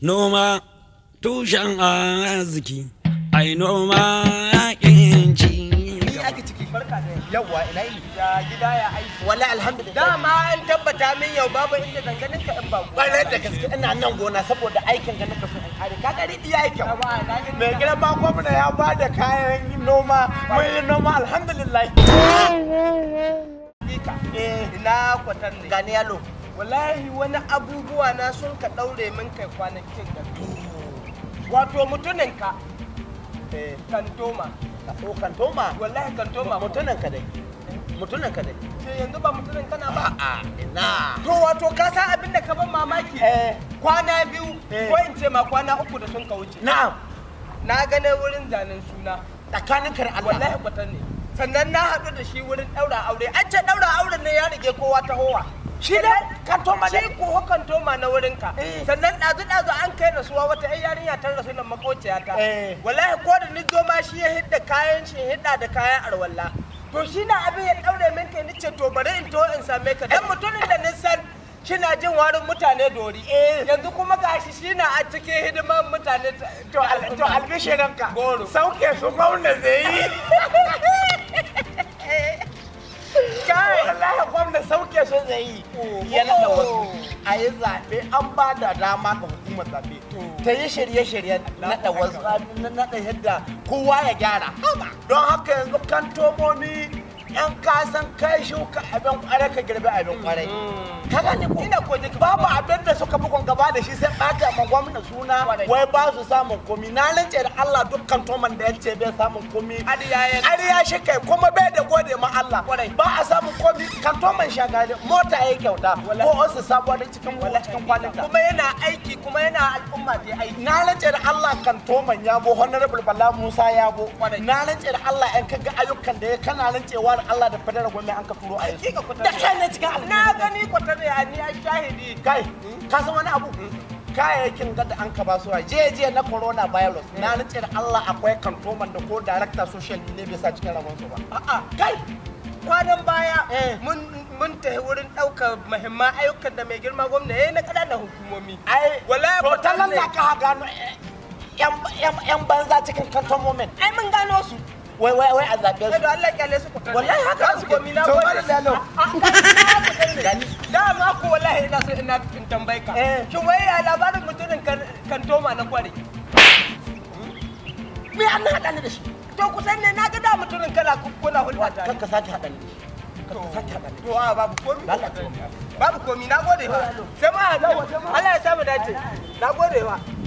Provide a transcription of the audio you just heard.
Noma tushen arziki, ai noma yakin ci. Ni ina yi da gida ya aiki. Wala alhamdulillah. Dama an tabbata min yau babu inda danganin ka in ba. Bare da gaske ina nan gona saboda aikin ga naka so in kare. Ka gari iya aikin. Mai gidan ba gwamna ya ba da kayan noma mun yi noma alhamdulillah. Ina kwatar ne. Gani yalo. wallahi wani abubuwa na sun ka daure min kai kwanakin da wato mutumin ka eh, kantoma o oh, kantoma wallahi kantoma mutumin ka dai mutumin ka dai ke eh, yanzu ba mutumin kana ba a ina to wato ka san abin da ka ban mamaki eh. kwana biyu ko in ce ma kwana uku da sun ka wuce na'am na gane wurin zanen suna tsakanin kar Allah wallahi kwatan ne sannan na haɗu da shi wurin ɗaura aure an ce ɗaura auren ne ya rige kowa ta howa shi da ka toma ne ko toma na wurin ka eh. sannan dazu dazu an kai na suwa wata ai yarinya ta rasu nan makociya ta eh. wallahi ko da ni zo ma shi ya hidda kayan shi hidda da kayan arwalla to shi na abin ya daure min kai to bari in to in same ka dan mutumin da ni san kina jin warin mutane dori eh. yanzu kuma gashi shi na a cikin hidiman mutane to albishirinka sauke su gwamna zai yi zai yi oh. yana da oh. wasu a yi zaɓe an ba da dama ga hukumar zaɓe oh. ta yi shirye-shirye naɗa wasu yadda kowa ya gyara don haka yanzu kan tomomi yan kasan kai shi ka abin kwarai ka girbi abin kwarai ka gani ko ina ko jiki babu abin da suka bugun gaba da shi sai ɓata ma gwamna suna wai ba su samun komi na lance da Allah dukkan toman da yace bai samun komi ariya shi kai kuma bai da gode ma Allah ba a samun komi kan man shagali mota yayi kyauta ko wasu sabuwa da cikin wala cikin kwalinta kuma yana aiki kuma yana al'umma da aiki na lance da Allah kan ya bo honorable Bala Musa ya bo na lance da Allah yan kaga ayyukan da ya kana lancewa maganar Allah da fadar gwamnati an ka turo a yanzu da kai ne cikin alƙali na gani kwatar ya ni a shahidi kai hmm? ka san wani abu hmm. kayayyakin da an ka basu a jeje na corona virus hmm. na nace da Allah akwai kantoman da ko director social media bai sa cikin rabon su ba a'a kai kwanan baya eh. mun mun tafi wurin ɗaukar muhimman ayyukan da mai girma gwamna ya yi na ƙananan hukumomi ai wallahi ko tallan da ka gano eh, yan banza cikin kantomomin ai mun gano su wai wai wai a zaɓe su da Allah kyale su kuka wallahi haka su gomi na gode da lo da ma ko wallahi ina so ina tambaye ka eh. shin wai ya labarin mutumin kan toma na kwari me an haɗa ni da shi to kusan ne na ga da mutumin kala kuna hulɗa tare kanka sake haɗa ni to a babu komi babu komi na gode fa sai ma Allah ya samu dace na gode fa